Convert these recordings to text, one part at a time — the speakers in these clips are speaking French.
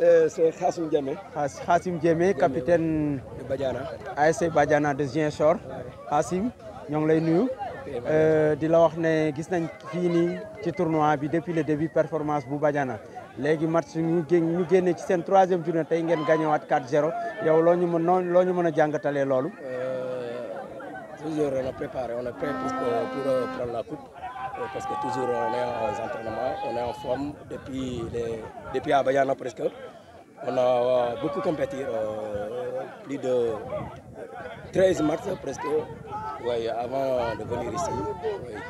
Euh, c'est Khassim Djemé. Khassim Djemé, capitaine de Badiana. ASC Badiana de Ziguinchor. Khassim ñoo ngi lay nuyu. Euh, di la wax ne gis nañ fii nii ci tournoi bi depuis le début performance bu Badiana. léegi match ñu génn ñu génne ci seen troisième journée tey ngeen gañewaat 4-0 yow loo ñu mën noonu loo ñu mën toujours euh, on a préparé on a prêt pour pour prendre la coupe. Euh, parce que toujours on est en entraînement, on est en forme depuis, les, Abayana presque. On a euh, beaucoup compétir euh, plus de 13 mars presque, avant de venir ici.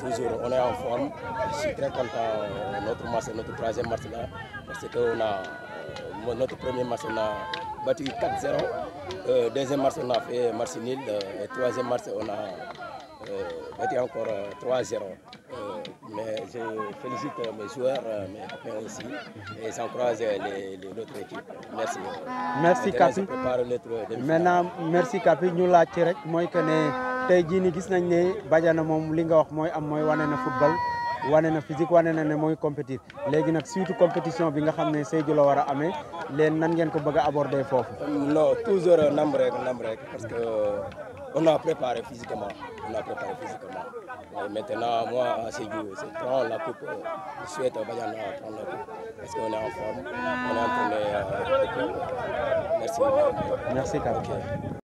toujours on est en forme. Je suis très content, notre match, notre troisième match là, parce que on a, notre premier match, on a battu 4-0. Euh, deuxième match, on a fait match nul. et troisième match, on a euh, a encore 3-0. Euh, euh, mais je félicite mes joueurs, mes appels aussi, et les l'autre équipe. Merci. Merci Kapi. Maintenant, merci Nous l'avons dit, que football wanena physique wanena na ne mooy compétir légui nak suite compétition bi nga xamné ne Sédhiou wara amé len nan ngeen ko bëgg aborder fofu non toujours ndam rek ndam rek parce que euh, on a préparé physiquement on a préparé physiquement et maintenant moi à Sédhiou c'est prendre la coupe euh, je souhaite Badiane à prendre la coupe parce qu'on est en forme on est en entraîné euh, beaucoup merci. merci Kaka.